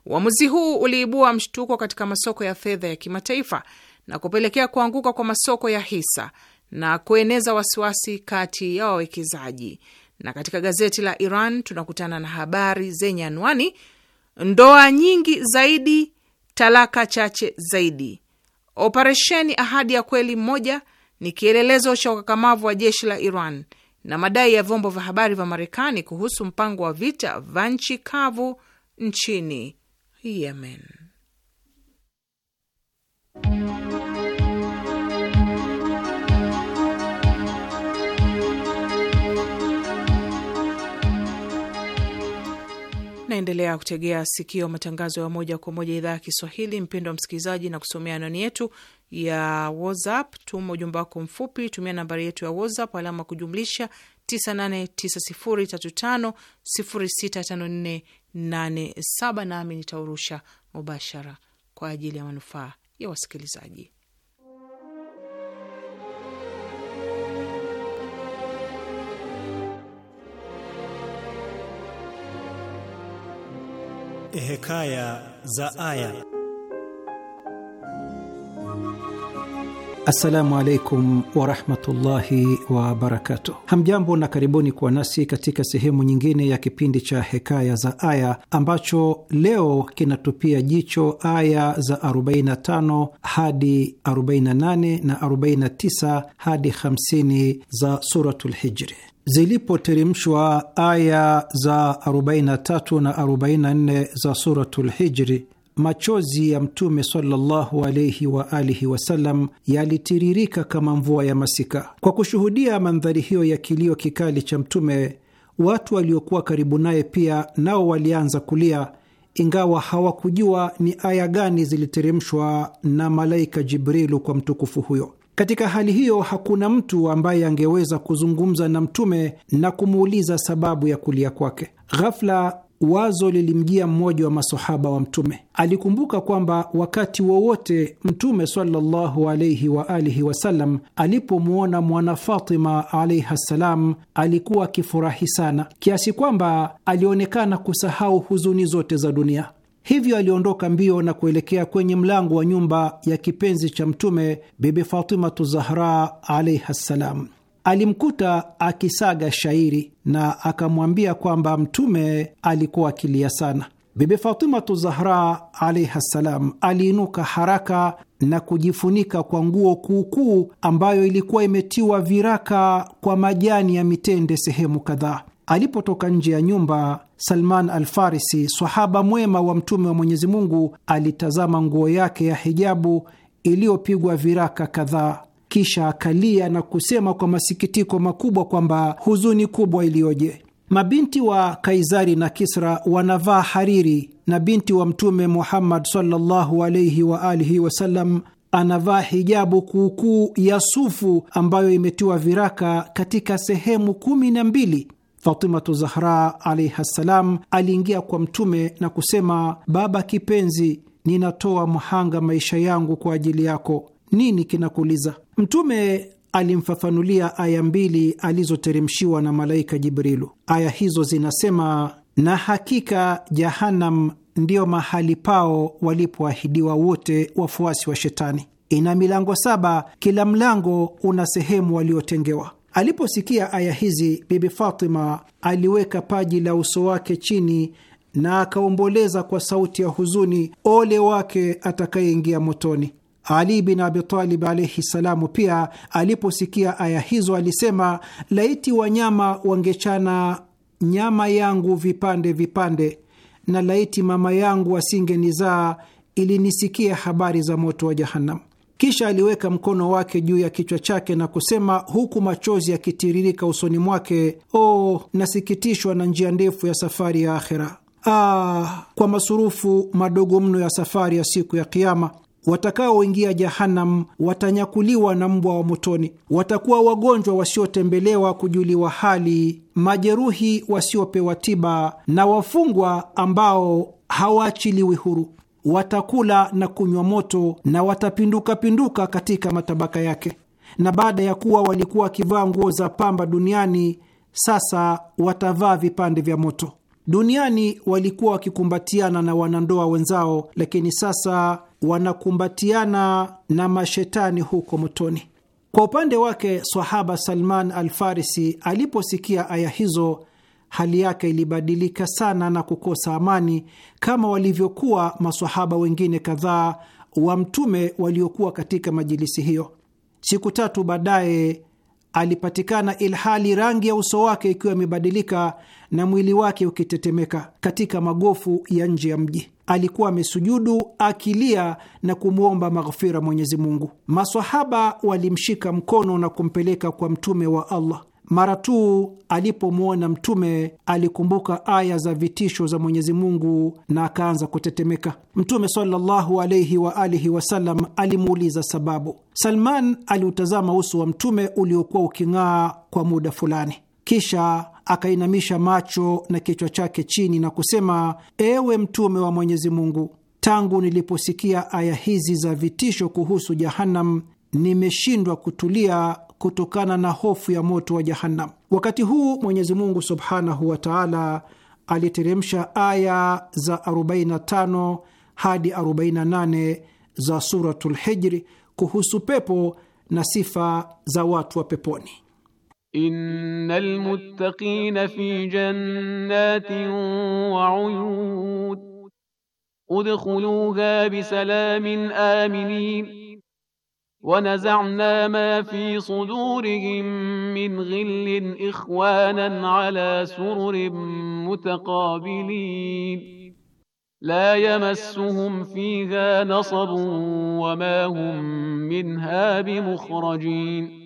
B: Uamuzi huu uliibua mshtuko katika masoko ya fedha ya kimataifa na kupelekea kuanguka kwa masoko ya hisa na kueneza wasiwasi kati ya wawekezaji. Na katika gazeti la Iran tunakutana na habari zenye anwani ndoa nyingi zaidi, talaka chache zaidi, operesheni ahadi ya kweli moja ni kielelezo cha ukakamavu wa jeshi la Iran na madai ya vyombo vya habari vya Marekani kuhusu mpango wa vita vya nchi kavu nchini Yemen. Naendelea kutegea sikio matangazo ya moja kwa moja idhaa ya Kiswahili, mpendo wa msikilizaji, na kusomea anwani yetu ya WhatsApp. Tuma ujumbe wako mfupi, tumia nambari yetu ya WhatsApp alama kujumlisha 9890350654 87 nami nitaurusha mubashara kwa ajili ya manufaa ya wasikilizaji.
C: Hekaya za Aya.
E: Assalamu alaikum warahmatullahi wabarakatu. Hamjambo na karibuni kuwa nasi katika sehemu nyingine ya kipindi cha Hekaya za Aya ambacho leo kinatupia jicho aya za 45 hadi 48 na 49 hadi 50 za Suratul Hijri. Zilipoteremshwa aya za 43 na 44 za Suratul Hijri machozi ya Mtume sallallahu wa alihi wasallam yalitiririka kama mvua ya masika. Kwa kushuhudia mandhari hiyo ya kilio kikali cha Mtume, watu waliokuwa karibu naye pia nao walianza kulia, ingawa hawakujua ni aya gani ziliteremshwa na malaika Jibrilu kwa mtukufu huyo. Katika hali hiyo, hakuna mtu ambaye angeweza kuzungumza na Mtume na kumuuliza sababu ya kulia kwake. Ghafla wazo lilimjia mmoja wa masohaba wa Mtume. Alikumbuka kwamba wakati wowote Mtume sallallahu alaihi wa alihi wasallam alipomwona mwana Fatima alaihi ssalam alikuwa akifurahi sana kiasi kwamba alionekana kusahau huzuni zote za dunia. Hivyo aliondoka mbio na kuelekea kwenye mlango wa nyumba ya kipenzi cha Mtume, Bibi Fatimatu Zahra alaihi ssalam alimkuta akisaga shairi na akamwambia kwamba Mtume alikuwa akilia sana. Bibi Fatimatu Zahra alaihi ssalam aliinuka haraka na kujifunika kwa nguo kuukuu ambayo ilikuwa imetiwa viraka kwa majani ya mitende sehemu kadhaa. Alipotoka nje ya nyumba, Salman Alfarisi, swahaba mwema wa Mtume wa Mwenyezi Mungu, alitazama nguo yake ya hijabu iliyopigwa viraka kadhaa kisha akalia na kusema kwa masikitiko makubwa kwamba huzuni kubwa iliyoje! Mabinti wa Kaisari na Kisra wanavaa hariri na binti wa Mtume Muhammad sallallahu alaihi wa alihi wasallam anavaa hijabu kuukuu ya sufu ambayo imetiwa viraka katika sehemu kumi na mbili. Fatimatu Zahra alaihi ssalam aliingia kwa Mtume na kusema, baba kipenzi, ninatoa mhanga maisha yangu kwa ajili yako, nini kinakuuliza? Mtume alimfafanulia aya mbili alizoteremshiwa na malaika Jibrilu. Aya hizo zinasema, na hakika Jahanam ndiyo mahali pao walipoahidiwa wote wafuasi wa Shetani, ina milango saba, kila mlango una sehemu waliotengewa. Aliposikia aya hizi, Bibi Fatima aliweka paji la uso wake chini na akaomboleza kwa sauti ya huzuni, ole wake atakayeingia motoni. Ali bin Abitalib alaihi salamu pia aliposikia aya hizo alisema, laiti wanyama wangechana nyama yangu vipande vipande, na laiti mama yangu asingenizaa ili nisikie habari za moto wa Jahannam. Kisha aliweka mkono wake juu ya kichwa chake na kusema huku machozi yakitiririka usoni mwake, oh, nasikitishwa na njia ndefu ya safari ya akhera.
C: Ah,
E: kwa masurufu madogo mno ya safari ya siku ya Kiama. Watakaoingia Jahanam watanyakuliwa na mbwa wa motoni. Watakuwa wagonjwa wasiotembelewa kujuliwa hali, majeruhi wasiopewa tiba, na wafungwa ambao hawaachiliwi huru. Watakula na kunywa moto na watapindukapinduka katika matabaka yake, na baada ya kuwa walikuwa wakivaa nguo za pamba duniani, sasa watavaa vipande vya moto. Duniani walikuwa wakikumbatiana na wanandoa wenzao, lakini sasa wanakumbatiana na mashetani huko motoni. Kwa upande wake, sahaba Salman Alfarisi aliposikia aya hizo, hali yake ilibadilika sana na kukosa amani, kama walivyokuwa masahaba wengine kadhaa wa Mtume waliokuwa katika majilisi hiyo. Siku tatu baadaye alipatikana ilhali rangi ya uso wake ikiwa imebadilika na mwili wake ukitetemeka katika magofu ya nje ya mji. Alikuwa amesujudu akilia na kumwomba maghfira Mwenyezi Mungu. Masahaba walimshika mkono na kumpeleka kwa Mtume wa Allah. Mara tu alipomwona Mtume alikumbuka aya za vitisho za Mwenyezi Mungu na akaanza kutetemeka. Mtume sallallahu alaihi wa alihi wasallam alimuuliza sababu. Salman aliutazama uso wa Mtume uliokuwa uking'aa kwa muda fulani, kisha akainamisha macho na kichwa chake chini na kusema, ewe Mtume wa Mwenyezi Mungu, tangu niliposikia aya hizi za vitisho kuhusu Jahannam nimeshindwa kutulia kutokana na hofu ya moto wa Jahannam. Wakati huu Mwenyezi Mungu subhanahu wa taala aliteremsha aya za 45 hadi 48 za Suratul Hijri kuhusu pepo na sifa za watu wa peponi.
A: Innal muttaqina fi jannatin wa uyun udkhuluha bisalamin aminin ونزعنا ما في صدورهم من غل إخوانا على سرر متقابلين لا يمسهم فيها نصب وما هم منها
E: بمخرجين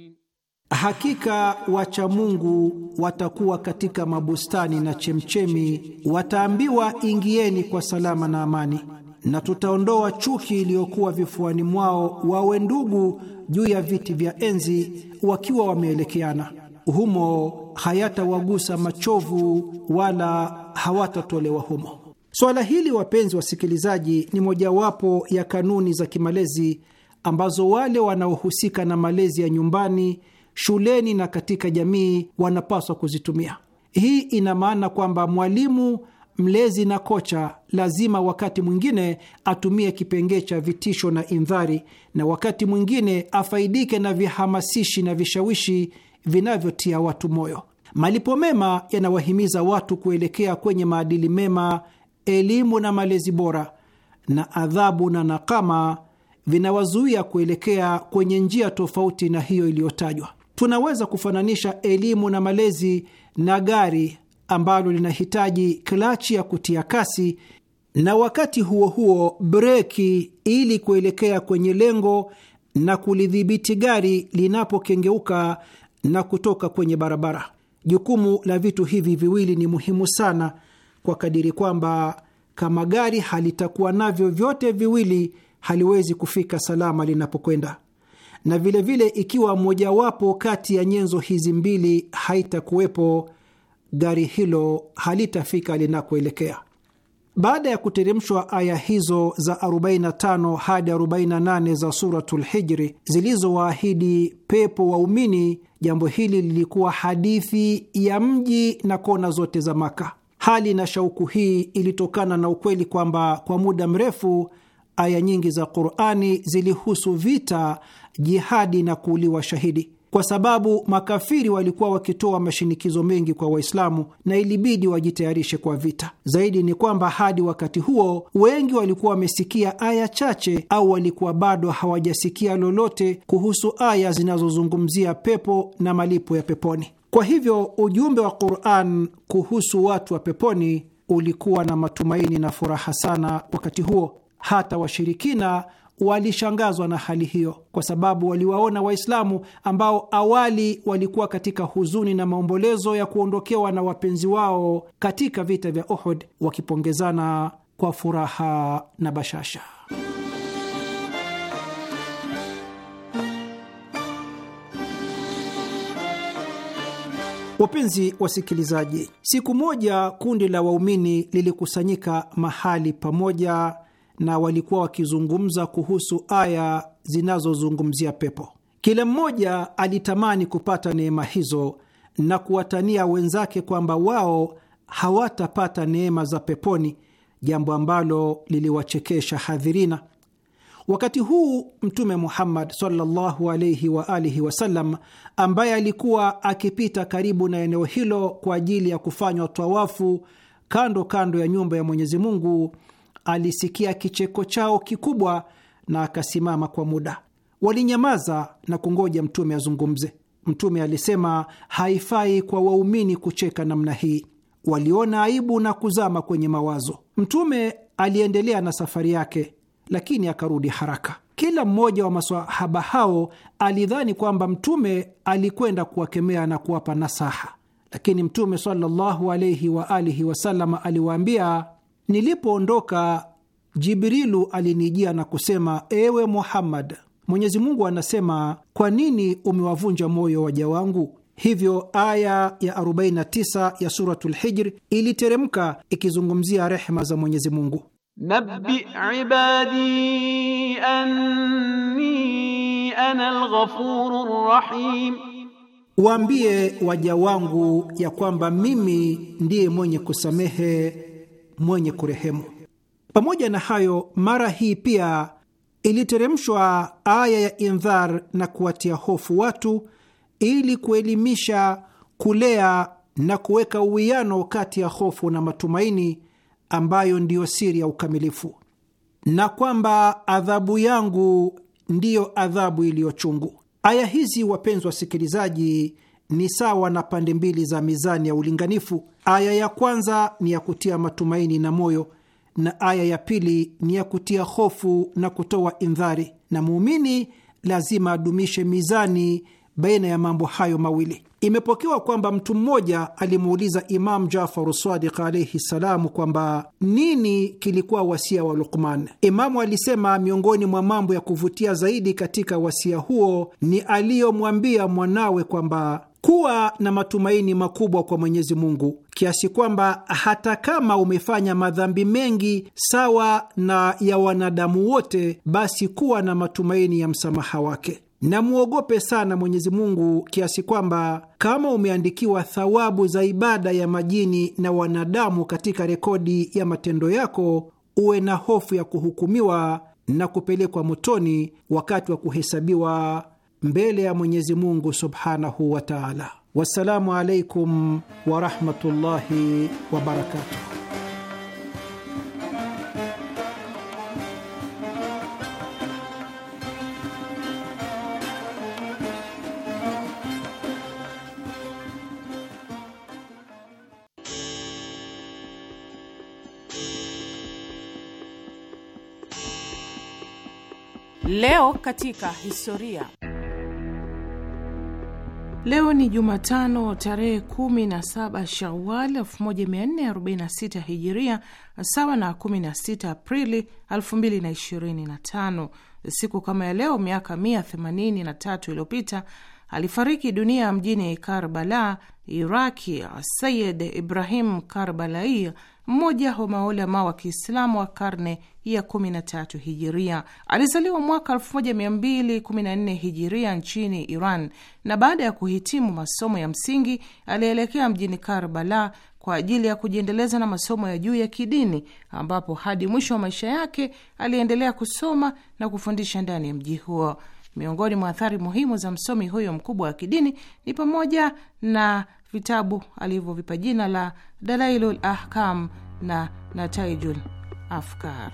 E: Hakika wacha Mungu watakuwa katika mabustani na chemchemi, wataambiwa ingieni kwa salama na amani na tutaondoa chuki iliyokuwa vifuani mwao, wawe ndugu juu ya viti vya enzi wakiwa wameelekeana. Humo hayatawagusa machovu wala hawatatolewa humo. Swala hili, wapenzi wasikilizaji, ni mojawapo ya kanuni za kimalezi ambazo wale wanaohusika na malezi ya nyumbani, shuleni na katika jamii wanapaswa kuzitumia. Hii ina maana kwamba mwalimu mlezi na kocha lazima wakati mwingine atumie kipengee cha vitisho na indhari, na wakati mwingine afaidike na vihamasishi na vishawishi vinavyotia watu moyo. Malipo mema yanawahimiza watu kuelekea kwenye maadili mema, elimu na malezi bora, na adhabu na nakama vinawazuia kuelekea kwenye njia tofauti na hiyo iliyotajwa. Tunaweza kufananisha elimu na malezi na gari ambalo linahitaji klachi ya kutia kasi na wakati huo huo breki ili kuelekea kwenye lengo na kulidhibiti gari linapokengeuka na kutoka kwenye barabara. Jukumu la vitu hivi viwili ni muhimu sana kwa kadiri kwamba kama gari halitakuwa navyo vyote viwili, haliwezi kufika salama linapokwenda, na vilevile vile, ikiwa mojawapo kati ya nyenzo hizi mbili haitakuwepo gari hilo halitafika linakoelekea. Baada ya kuteremshwa aya hizo za 45 hadi 48 za Suratul Hijri zilizowaahidi pepo waumini, jambo hili lilikuwa hadithi ya mji na kona zote za Maka. Hali na shauku hii ilitokana na ukweli kwamba kwa muda mrefu aya nyingi za Qurani zilihusu vita, jihadi na kuuliwa shahidi kwa sababu makafiri walikuwa wakitoa mashinikizo mengi kwa Waislamu na ilibidi wajitayarishe kwa vita. Zaidi ni kwamba hadi wakati huo wengi walikuwa wamesikia aya chache au walikuwa bado hawajasikia lolote kuhusu aya zinazozungumzia pepo na malipo ya peponi. Kwa hivyo ujumbe wa Quran kuhusu watu wa peponi ulikuwa na matumaini na furaha sana wakati huo. Hata washirikina walishangazwa na hali hiyo, kwa sababu waliwaona Waislamu ambao awali walikuwa katika huzuni na maombolezo ya kuondokewa na wapenzi wao katika vita vya Uhud wakipongezana kwa furaha na bashasha. Wapenzi wasikilizaji, siku moja kundi la waumini lilikusanyika mahali pamoja na walikuwa wakizungumza kuhusu aya zinazozungumzia pepo. Kila mmoja alitamani kupata neema hizo na kuwatania wenzake kwamba wao hawatapata neema za peponi, jambo ambalo liliwachekesha hadhirina. Wakati huu Mtume Muhammad sallallahu alaihi wa alihi wasallam, ambaye alikuwa akipita karibu na eneo hilo kwa ajili ya kufanywa twawafu kando kando ya nyumba ya Mwenyezi Mungu, alisikia kicheko chao kikubwa na akasimama kwa muda. Walinyamaza na kungoja mtume azungumze. Mtume alisema, haifai kwa waumini kucheka namna hii. Waliona aibu na kuzama kwenye mawazo. Mtume aliendelea na safari yake, lakini akarudi haraka. Kila mmoja wa masahaba hao alidhani kwamba mtume alikwenda kuwakemea na kuwapa nasaha, lakini mtume sallallahu alaihi waalihi wasalama aliwaambia Nilipoondoka, Jibrilu alinijia na kusema, ewe Muhammad, Mwenyezi Mungu anasema, kwa nini umewavunja moyo waja wangu? Hivyo aya ya 49 ya Suratul Hijr iliteremka ikizungumzia rehema za Mwenyezi Mungu.
A: Nabbi ibadi anni ana
E: rahim, waambie waja wangu ya kwamba mimi ndiye mwenye kusamehe mwenye kurehemu. Pamoja na hayo, mara hii pia iliteremshwa aya ya indhar na kuwatia hofu watu ili kuelimisha, kulea na kuweka uwiano kati ya hofu na matumaini ambayo ndiyo siri ya ukamilifu, na kwamba adhabu yangu ndiyo adhabu iliyo chungu. Aya hizi, wapenzi wasikilizaji, ni sawa na pande mbili za mizani ya ulinganifu. Aya ya kwanza ni ya kutia matumaini na moyo, na aya ya pili ni ya kutia hofu na kutoa indhari, na muumini lazima adumishe mizani baina ya mambo hayo mawili. Imepokewa kwamba mtu mmoja alimuuliza Imamu Jafaru Sadiq alaihi ssalamu kwamba nini kilikuwa wasia wa Lukman. Imamu alisema miongoni mwa mambo ya kuvutia zaidi katika wasia huo ni aliyomwambia mwanawe kwamba kuwa na matumaini makubwa kwa Mwenyezi Mungu kiasi kwamba hata kama umefanya madhambi mengi sawa na ya wanadamu wote, basi kuwa na matumaini ya msamaha wake Namwogope sana Mwenyezi Mungu kiasi kwamba kama umeandikiwa thawabu za ibada ya majini na wanadamu katika rekodi ya matendo yako, uwe na hofu ya kuhukumiwa na kupelekwa motoni wakati wa kuhesabiwa mbele ya Mwenyezi Mungu subhanahu wa taala. Wassalamu alaikum warahmatullahi wabarakatuh.
B: Leo katika historia Leo ni Jumatano tarehe 17 Shawal 1446 Hijiria, sawa na 16 Aprili 2025. Siku kama ya leo miaka 183 iliyopita alifariki dunia mjini Karbala, Iraki, Sayid Ibrahim Karbalai mmoja wa maulama wa Kiislamu wa karne ya 13 hijiria. Alizaliwa mwaka 1214 hijiria nchini Iran, na baada ya kuhitimu masomo ya msingi alielekea mjini Karbala kwa ajili ya kujiendeleza na masomo ya juu ya kidini, ambapo hadi mwisho wa maisha yake aliendelea kusoma na kufundisha ndani ya mji huo. Miongoni mwa athari muhimu za msomi huyo mkubwa wa kidini ni pamoja na vitabu alivyovipa jina la Dalailul Ahkam na Nataijul Afkar.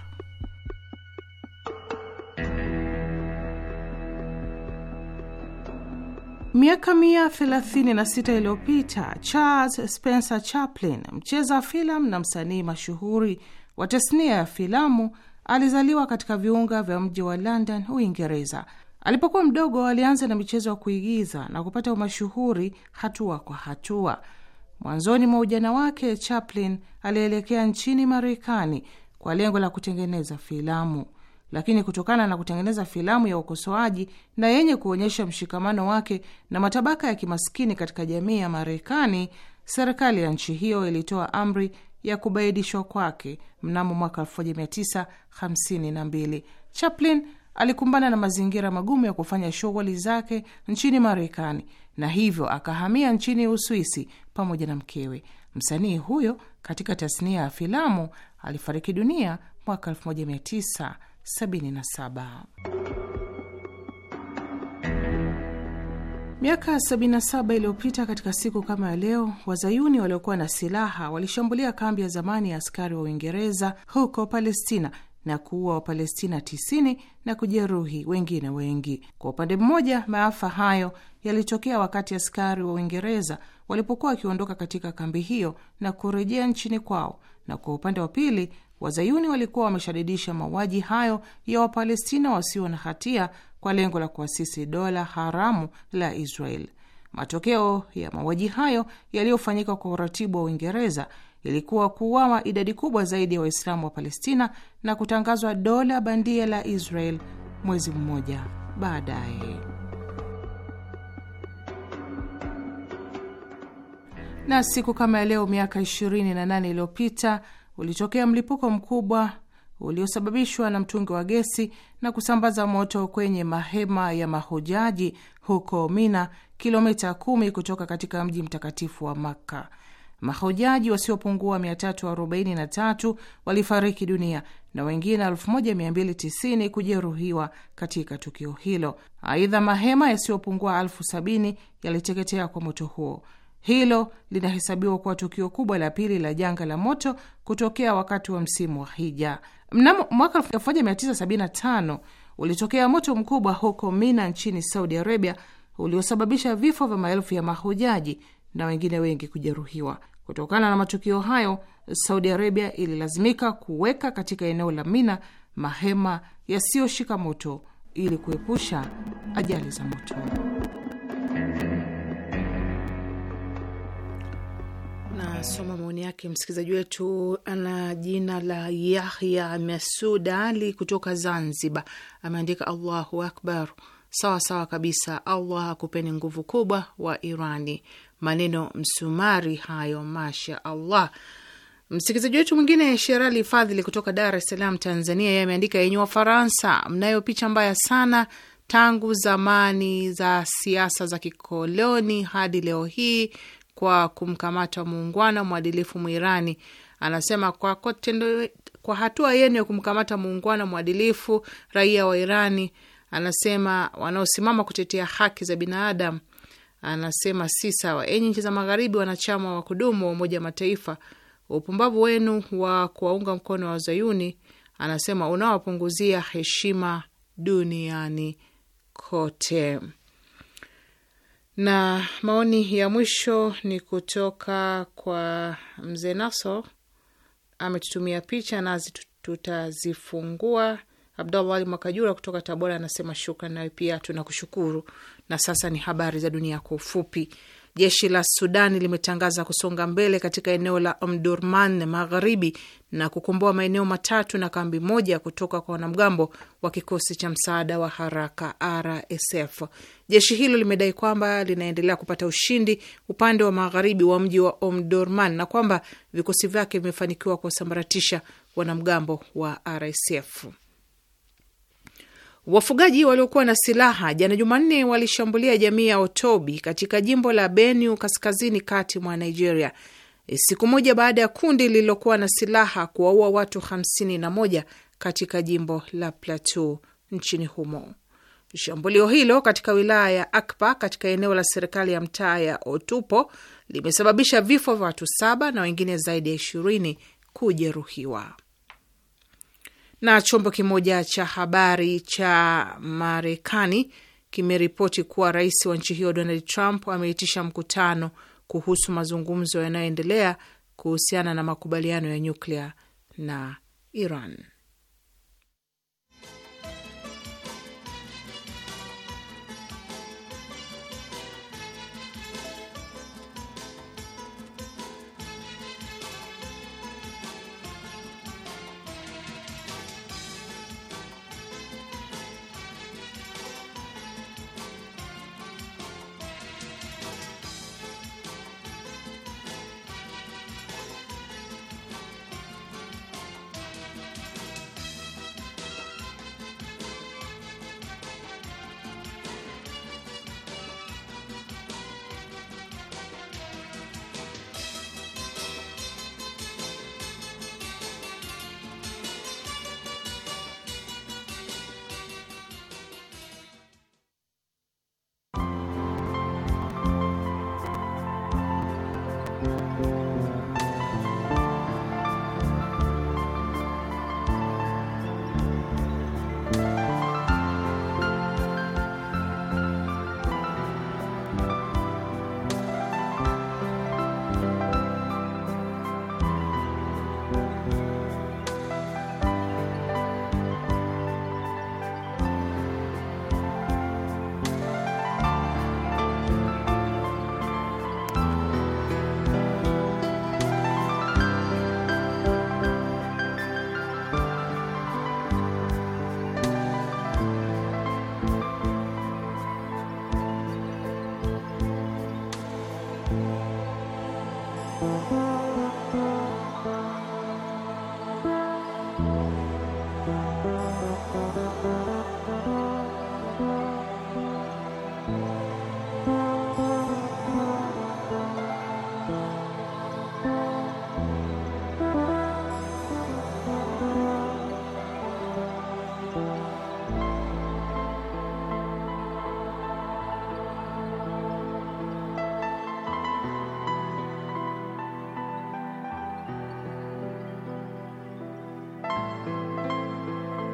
B: Miaka mia thelathini na sita iliyopita Charles Spencer Chaplin, mcheza filamu na msanii mashuhuri wa tasnia ya filamu, alizaliwa katika viunga vya mji wa London, Uingereza. Alipokuwa mdogo, alianza na michezo ya kuigiza na kupata umashuhuri hatua kwa hatua. Mwanzoni mwa ujana wake, Chaplin alielekea nchini Marekani kwa lengo la kutengeneza filamu, lakini kutokana na kutengeneza filamu ya ukosoaji na yenye kuonyesha mshikamano wake na matabaka ya kimaskini katika jamii ya Marekani, serikali ya nchi hiyo ilitoa amri ya kubaidishwa kwake mnamo mwaka 1952. Chaplin alikumbana na mazingira magumu ya kufanya shughuli zake nchini Marekani na hivyo akahamia nchini Uswisi pamoja na mkewe. Msanii huyo katika tasnia ya filamu alifariki dunia mwaka 1977. Miaka 77 iliyopita katika siku kama ya leo, wazayuni waliokuwa na silaha walishambulia kambi ya zamani ya askari wa Uingereza huko Palestina na kuua Wapalestina 90 na kujeruhi wengine wengi. Kwa upande mmoja, maafa hayo yalitokea wakati askari wa Uingereza walipokuwa wakiondoka katika kambi hiyo na kurejea nchini kwao, na kwa upande wa pili, wazayuni walikuwa wameshadidisha mauaji hayo ya Wapalestina wasio na hatia kwa lengo la kuasisi dola haramu la Israel. Matokeo ya mauaji hayo yaliyofanyika kwa uratibu wa Uingereza ilikuwa kuuawa idadi kubwa zaidi ya wa Waislamu wa Palestina na kutangazwa dola bandia la Israel mwezi mmoja baadaye. Na siku kama ya leo miaka 28 iliyopita ulitokea mlipuko mkubwa uliosababishwa na mtungi wa gesi na kusambaza moto kwenye mahema ya mahujaji huko Mina, kilomita kumi kutoka katika mji mtakatifu wa Makka mahujaji wasiopungua 343 walifariki dunia na wengine 1290 kujeruhiwa katika tukio hilo. Aidha, mahema yasiyopungua elfu sabini yaliteketea kwa moto huo. Hilo linahesabiwa kuwa tukio kubwa la pili la janga la moto kutokea wakati wa msimu wa hija. Mnamo mwaka 1975 ulitokea moto mkubwa huko Mina nchini Saudi Arabia uliosababisha vifo vya maelfu ya mahujaji na wengine wengi kujeruhiwa. Kutokana na matukio hayo, Saudi Arabia ililazimika kuweka katika eneo la Mina mahema yasiyoshika moto ili kuepusha ajali za moto. Nasoma maoni yake msikilizaji wetu, ana jina la Yahya Masud Ali kutoka Zanzibar, ameandika Allahu akbar. Sawa sawa kabisa, Allah akupeni nguvu kubwa wa Irani maneno msumari hayo, masha Allah. Msikilizaji wetu mwingine Sherali Fadhili kutoka Dar es Salaam, Tanzania, yeye ameandika yenye Wafaransa mnayo picha mbaya sana tangu zamani za siasa za kikoloni hadi leo hii, kwa kumkamata muungwana mwadilifu Mwirani. Anasema kwa, kotendo, kwa hatua yenu ya kumkamata muungwana mwadilifu raia wa Irani, anasema wanaosimama kutetea haki za binadamu anasema si sawa, enyi nchi za magharibi wanachama wa kudumu wa Umoja Mataifa, upumbavu wenu wa kuwaunga mkono wa Zayuni, anasema unawapunguzia heshima duniani kote. Na maoni ya mwisho ni kutoka kwa mzee Naso, ametutumia picha nazi tutazifungua. Abdallah Ali Mwakajura kutoka Tabora anasema shukran. Nawe pia tunakushukuru na sasa ni habari za dunia kwa ufupi. Jeshi la Sudani limetangaza kusonga mbele katika eneo la Omdurman magharibi na kukomboa maeneo matatu na kambi moja kutoka kwa wanamgambo wa kikosi cha msaada wa haraka RSF. Jeshi hilo limedai kwamba linaendelea kupata ushindi upande wa magharibi wa mji wa Omdurman na kwamba vikosi vyake vimefanikiwa kuwasambaratisha wanamgambo wa RSF. Wafugaji waliokuwa na silaha jana Jumanne walishambulia jamii ya Otobi katika jimbo la Benue kaskazini kati mwa Nigeria, e, siku moja baada ya kundi lililokuwa na silaha kuwaua watu 51 katika jimbo la Plateau nchini humo. Shambulio hilo katika wilaya ya Akpa katika eneo la serikali ya mtaa ya Otupo limesababisha vifo vya watu saba na wengine zaidi ya 20 kujeruhiwa. Na chombo kimoja cha habari cha Marekani kimeripoti kuwa rais wa nchi hiyo Donald Trump ameitisha mkutano kuhusu mazungumzo yanayoendelea kuhusiana na makubaliano ya nyuklia na Iran.